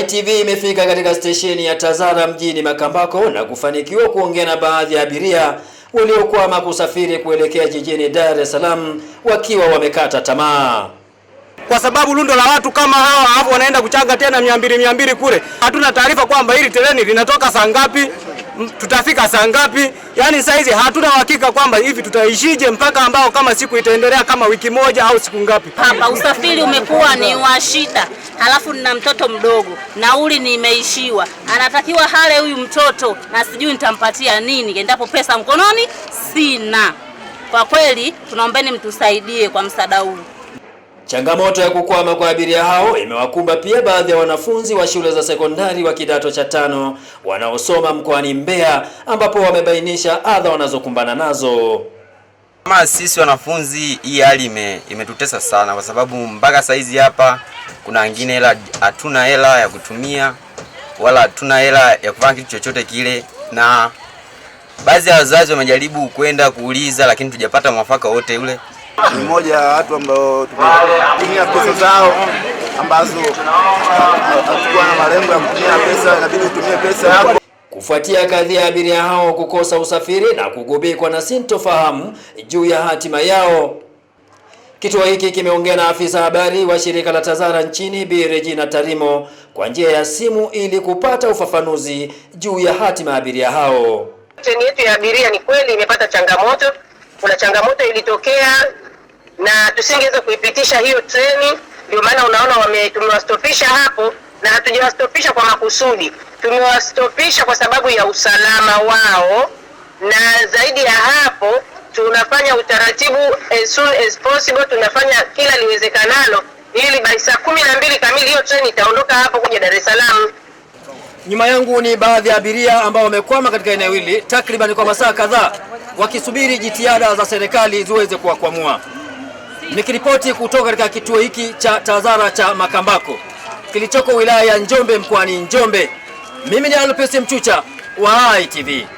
ITV imefika katika stesheni ya Tazara mjini Makambako na kufanikiwa kuongea na baadhi ya abiria waliokwama kusafiri kuelekea jijini Dar es Salaam wakiwa wamekata tamaa kwa sababu lundo la watu kama hawa hapo wanaenda kuchanga tena mia mbili mia mbili kule. Hatuna taarifa kwamba hili treni linatoka saa ngapi tutafika saa ngapi? yani saa hizi hatuna uhakika kwamba hivi tutaishije mpaka ambao kama siku itaendelea kama wiki moja au siku ngapi. Hapa usafiri umekuwa ni wa shida, halafu nina mtoto mdogo, nauli nimeishiwa, anatakiwa hale huyu mtoto, na sijui nitampatia nini endapo pesa mkononi sina. Kwa kweli tunaombeni mtusaidie kwa msaada huu. Changamoto ya kukwama kwa abiria hao imewakumba pia baadhi ya wanafunzi wa shule za sekondari wa kidato cha tano wanaosoma mkoani Mbeya, ambapo wamebainisha adha wanazokumbana nazo. Kama sisi wanafunzi, hii hali imetutesa sana, kwa sababu mpaka saizi hapa kuna wengine hela, hatuna hela ya kutumia wala hatuna hela ya kufanya kitu chochote kile, na baadhi ya wazazi wamejaribu kwenda kuuliza, lakini tujapata mwafaka wote ule ni moja ya watu ambao tumetumia pesa zao ambazo uh, hatukuwa na malengo ya kutumia pesa, inabidi utumie pesa yako. Kufuatia kadhi ya abiria hao kukosa usafiri na kugubikwa na sintofahamu juu ya hatima yao, kituo hiki kimeongea na afisa habari wa shirika la TAZARA nchini Bi Regina Tarimo kwa njia ya simu ili kupata ufafanuzi juu ya hatima ya abiria hao. Treni yetu ya abiria ni kweli imepata changamoto. Kuna changamoto ilitokea na tusingeweza kuipitisha hiyo treni. Ndio maana unaona wame tumewastopisha hapo, na hatujawastopisha kwa makusudi, tumewastopisha kwa sababu ya usalama wao, na zaidi ya hapo tunafanya utaratibu as soon as possible, tunafanya kila liwezekanalo ili by saa kumi na mbili kamili hiyo treni itaondoka hapo kuja Dar es Salaam. Nyuma yangu ni baadhi ya abiria ambao wamekwama katika eneo hili takriban kwa masaa kadhaa wakisubiri jitihada za serikali ziweze kuwakwamua. Nikiripoti kutoka katika kituo hiki cha TAZARA cha Makambako kilichoko wilaya ya Njombe mkoani Njombe, mimi ni alpesi Mchucha wa ITV.